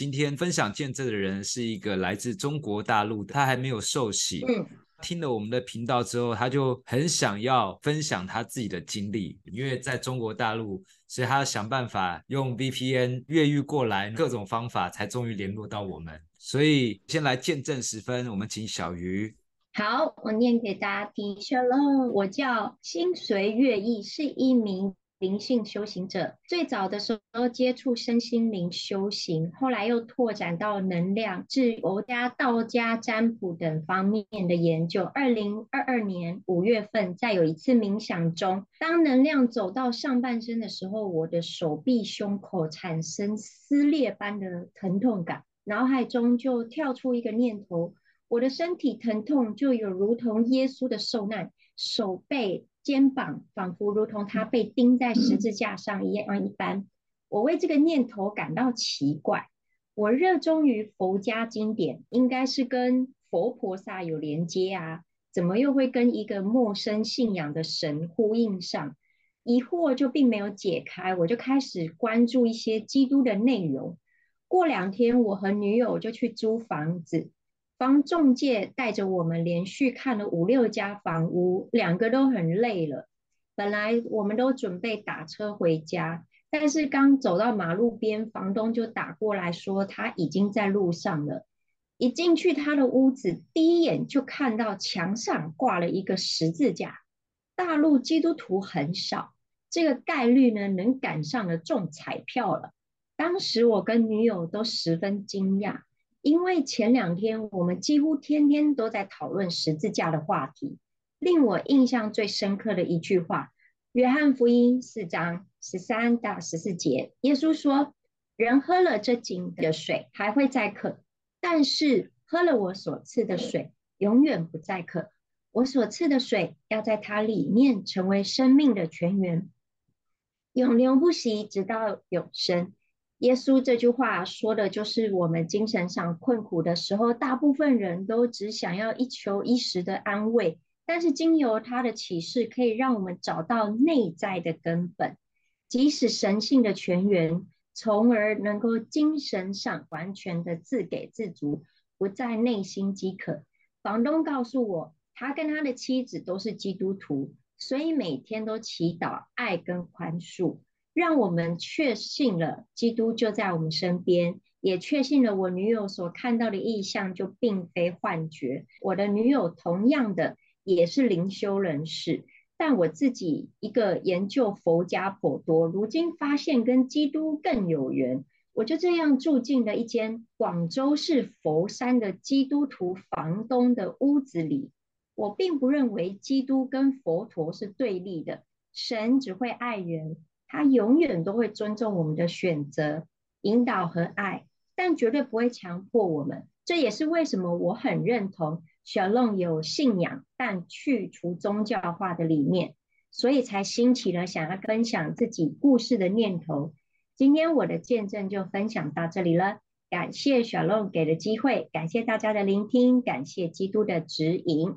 今天分享見證的人是一個來自中國大陸的，他還沒有受洗、嗯。聽了我們的頻道之後，他就很想要分享他自己的經歷，因為在中國大陸，所以他要想辦法用 VPN 越獄過來，各種方法才終於聯絡到我們。所以先來見證十分，我們請小魚。好，我念給大家聽。h e l 我叫心隨月意，是一名。靈性修行者，最早的時候接觸身心靈修行，後來又拓展到能量、治國家、道家、占卜等方面的研究。二零二二年五月份，在有一次冥想中，當能量走到上半身的時候，我的手臂、胸口產生撕裂般的疼痛感，腦海中就跳出一個念頭：我的身體疼痛就有如同耶穌的受難，手背。肩膀仿佛如同他被釘在十字架上一樣一般，嗯，我為這個念頭感到奇怪。我熱衷於佛家經典，應該是跟佛菩薩有連接啊，怎麼又會跟一個陌生信仰的神呼應上？疑惑就並沒有解開，我就開始關注一些基督的內容。過兩天，我和女友就去租房子。房中介帶着我們連續看了五六家房屋，兩個都很累了。本來我們都準備打車回家，但是剛走到馬路邊，房東就打過來說他已經在路上了。一進去他的屋子，第一眼就看到牆上掛了一個十字架。大陸基督徒很少，這個概率呢，能趕上了中彩票了。當時我跟女友都十分驚訝。因為前兩天我們幾乎天天都在討論十字架的話題，令我印象最深刻的一句話，《約翰福音》四章十三到十四節，耶穌說：“人喝了這井的水，還會再渴；但是喝了我所賜的水，永遠不再渴。我所賜的水，要在他裡面成為生命的泉源，永流不息，直到永生。”耶穌這句話說的就是我們精神上困苦的時候，大部分人都只想要一求一時的安慰，但是經由他的啟示，可以讓我們找到內在的根本，即使神性的泉源，從而能夠精神上完全的自給自足，不再內心飢渴。房東告訴我，他跟他的妻子都是基督徒，所以每天都祈禱愛跟寬恕。讓我們確信了基督就在我們身邊，也確信了我女友所看到的異象就並非幻覺。我的女友同樣的也是靈修人士，但我自己一個研究佛家頗多，如今發現跟基督更有緣。我就這樣住進了一間廣州市佛山的基督徒房東的屋子裡。我並不認為基督跟佛陀是對立的，神只會愛人。他永遠都會尊重我們的選擇、引導和愛，但絕對不會強迫我們。這也是為什麼我很認同 SHALOM 有信仰，但去除宗教化的理念，所以才興起了想要分享自己故事的念頭。今天我的見證就分享到這裡了，感謝 SHALOM 給的機會，感謝大家的聆聽，感謝基督的指引。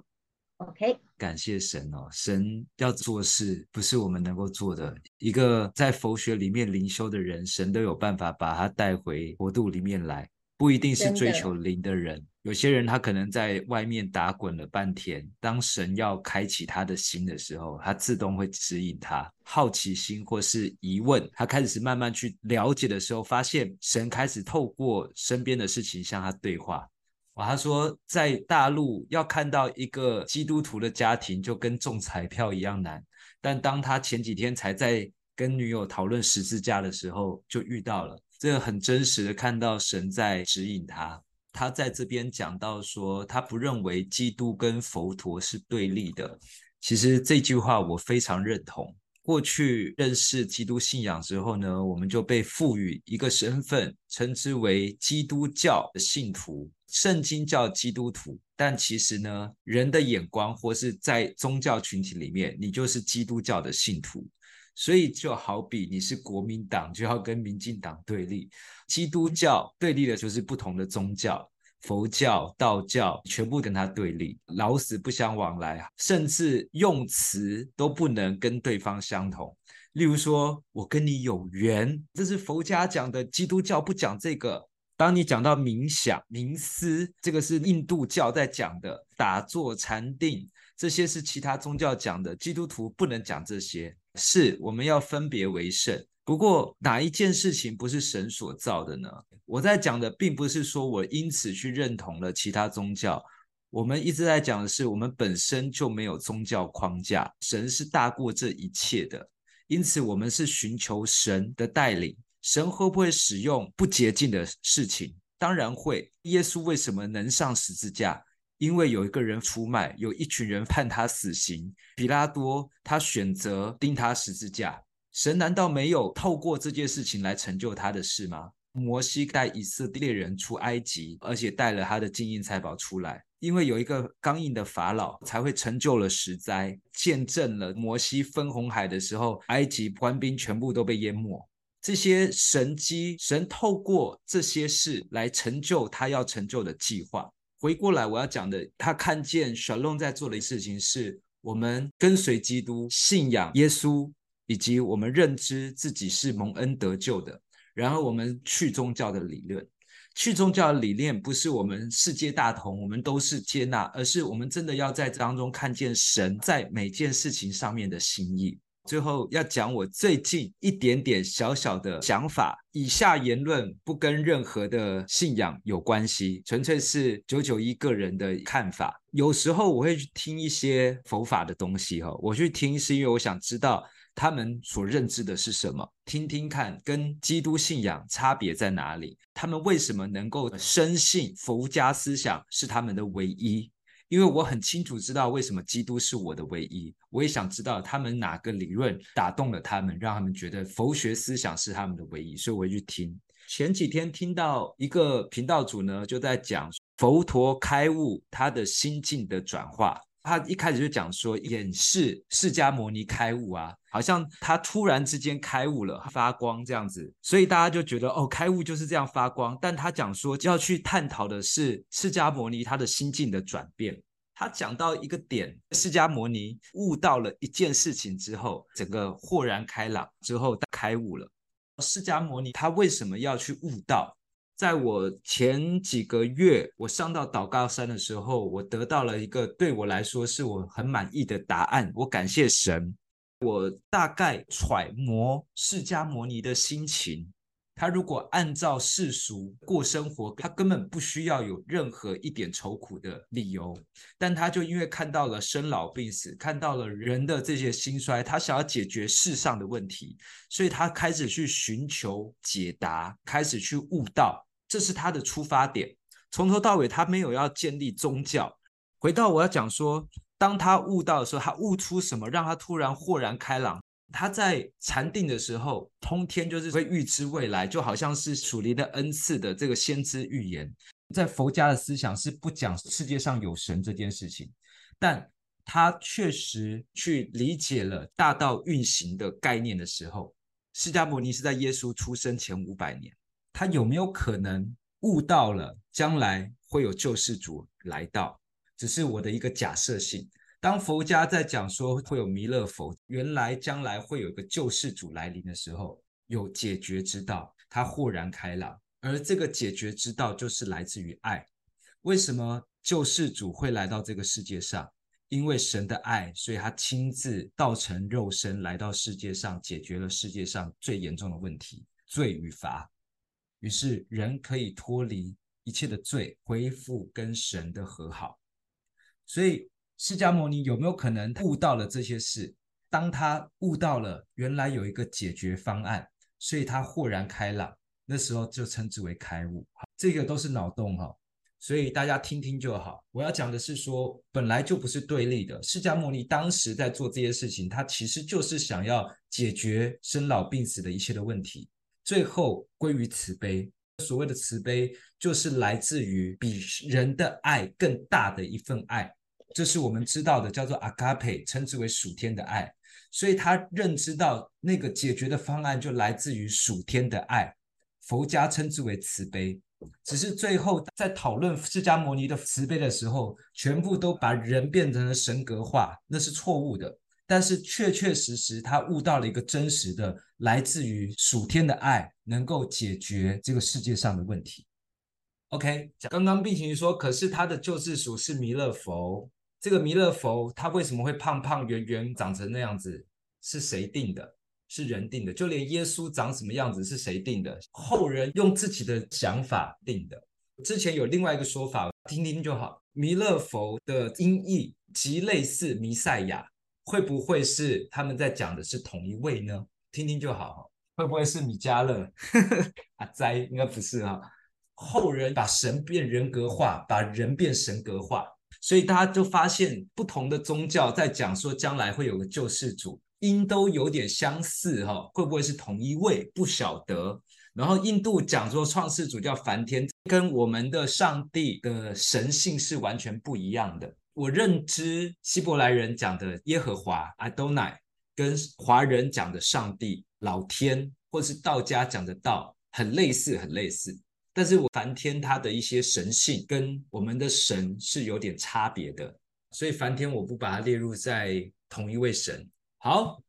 OK，感謝神哦。神要做事，不是我們能夠做的。一個在佛學裡面靈修的人，神都有辦法把他帶回國度裡面來。不一定是追求靈的人的，有些人他可能在外面打滾了半天。當神要開啟他的心的時候，他自動會指引他，好奇心或是疑問。他開始慢慢去了解的時候，發現神開始透過身邊的事情向他對話。哇，他說在大陸要看到一個基督徒的家庭就跟中彩票一樣難。但當他前幾天才在跟女友討論十字架的時候，就遇到了，這個很真實的看到神在指引他。他在這邊講到說，他不認為基督跟佛陀是對立的。其實這句話我非常認同。過去認識基督信仰之後呢，我們就被賦予一個身份，稱之為基督教的信徒，聖經叫基督徒。但其實呢，人的眼光或是在宗教群體裡面，你就是基督教的信徒。所以就好比你是國民黨，就要跟民進黨對立；基督教對立的就是不同的宗教。佛教、道教全部跟他對立，老死不相往來，甚至用詞都不能跟對方相同。例如說，我跟你有緣，這是佛家講的；基督教不講這個。當你講到冥想、冥思，這個是印度教在講的；打坐、禪定，這些是其他宗教講的，基督徒不能講這些。是我們要分別為聖。不過哪一件事情不是神所造的呢？我在講的並不是說我因此去認同了其他宗教。我們一直在講的是，我們本身就沒有宗教框架，神是大過這一切的。因此，我們是尋求神的帶領。神會不會使用不潔淨的事情？當然會。耶穌為什麼能上十字架？因為有一個人出賣，有一群人判他死刑。彼拉多他選擇釘他十字架。神難道沒有透過這件事情來成就他的事嗎？摩西帶以色列人出埃及，而且帶了他的金銀財寶出來，因為有一個剛硬的法老，才會成就了十災，見證了摩西分紅海的時候，埃及官兵全部都被淹沒。這些神蹟，神透過這些事來成就他要成就的計劃。回過來，我要講的，他看見沙龍在做的事情是，是我們跟隨基督，信仰耶穌。以及我們認知自己是蒙恩得救的，然後我們去宗教的理論，去宗教的理念不是我們世界大同，我們都是接納，而是我們真的要在當中看見神在每件事情上面的心意。最後要講我最近一點點小小的想法，以下言論不跟任何的信仰有關係，純粹是九九一個人的看法。有時候我會去聽一些佛法的東西，哈，我去聽是因為我想知道。他們所認知的是什麼？聽聽看，跟基督信仰差別在哪裡？他們為什麼能夠深信佛家思想是他們的唯一？因為我很清楚知道為什麼基督是我的唯一。我也想知道他們哪個理論打動了他們，讓他們覺得佛學思想是他們的唯一。所以我去聽，前幾天聽到一個頻道主呢就在講佛陀開悟，他的心境的轉化。他一開始就講說，演示釋迦牟尼開悟啊，好像他突然之間開悟了，發光這樣子，所以大家就覺得哦，開悟就是這樣發光。但他講說，要去探討的是釋迦牟尼他的心境的轉變。他講到一個點，釋迦牟尼悟到了一件事情之後，整個豁然開朗之後他開悟了。釋迦牟尼他為什麼要去悟道？在我前幾個月，我上到禱告山的時候，我得到了一個對我來說是我很滿意的答案。我感謝神。我大概揣摩釋迦牟尼的心情。他如果按照世俗過生活，他根本不需要有任何一點愁苦的理由，但他就因為看到了生老病死，看到了人的這些興衰，他想要解決世上的問題，所以他開始去尋求解答，開始去悟道，這是他的出發點。從頭到尾，他沒有要建立宗教。回到我要講說，當他悟道的時候，他悟出什麼，讓他突然豁然開朗。他在禪定的時候，通天就是會預知未來，就好像是屬靈的恩賜的這個先知預言。在佛家的思想是不講世界上有神這件事情，但他確實去理解了大道運行的概念的時候，釋迦牟尼是在耶穌出生前五百年，他有沒有可能悟到了將來會有救世主來到？只是我的一個假設性。當佛家在講說會有彌勒佛，原來將來會有一個救世主來臨的時候，有解決之道，他豁然開朗，而這個解決之道就是來自於愛。為什麼救世主會來到這個世界上？因為神的愛，所以他親自道成肉身來到世界上，解決了世界上最嚴重的問題——罪與罰。於是人可以脫離一切的罪，恢復跟神的和好。所以。釋迦牟尼有沒有可能悟到了這些事？當他悟到了，原來有一個解決方案，所以他豁然開朗。那時候就稱之為開悟。這個都是腦洞哈哦，所以大家聽聽就好。我要講的是說，本來就不是對立的。釋迦牟尼當時在做這些事情，他其實就是想要解決生老病死的一切的問題，最後歸於慈悲。所謂的慈悲，就是來自於比人的愛更大的一份愛。這是我們知道的，叫做阿卡佩，稱之為屬天的愛，所以他認知到那個解決的方案就來自於屬天的愛。佛家稱之為慈悲，只是最後在討論釋迦牟尼的慈悲的時候，全部都把人變成了神格化，那是錯誤的。但是確確實實，他悟到了一個真實的，來自於屬天的愛，能夠解決這個世界上的問題。OK，剛剛畢群說，可是他的救世主是彌勒佛。這個彌勒佛他為什麼會胖胖圓圓長成那樣子？是誰定的？是人定的？就連耶穌長什麼樣子，是誰定的？後人用自己的想法定的。之前有另外一個說法，聽聽，聽就好。彌勒佛的音譯極類似彌賽亞，會不會是他們在講的是同一位呢？聽聽就好。會不會是米迦勒？阿 哉、啊、應該不是啊。後人把神變人格化，把人變神格化。所以大家就發現，不同的宗教在講說將來會有個救世主，因都有點相似哈，會不會是同一位？不曉得。然後印度講說創世主叫梵天，跟我們的上帝的神性是完全不一樣的。我認知希伯來人講的耶和華，Adonai，跟華人講的上帝、老天，或是道家講的道，很類似，很類似。但是我梵天，他的一些神性跟我們的神是有點差別的，所以梵天我不把它列入在同一位神。好。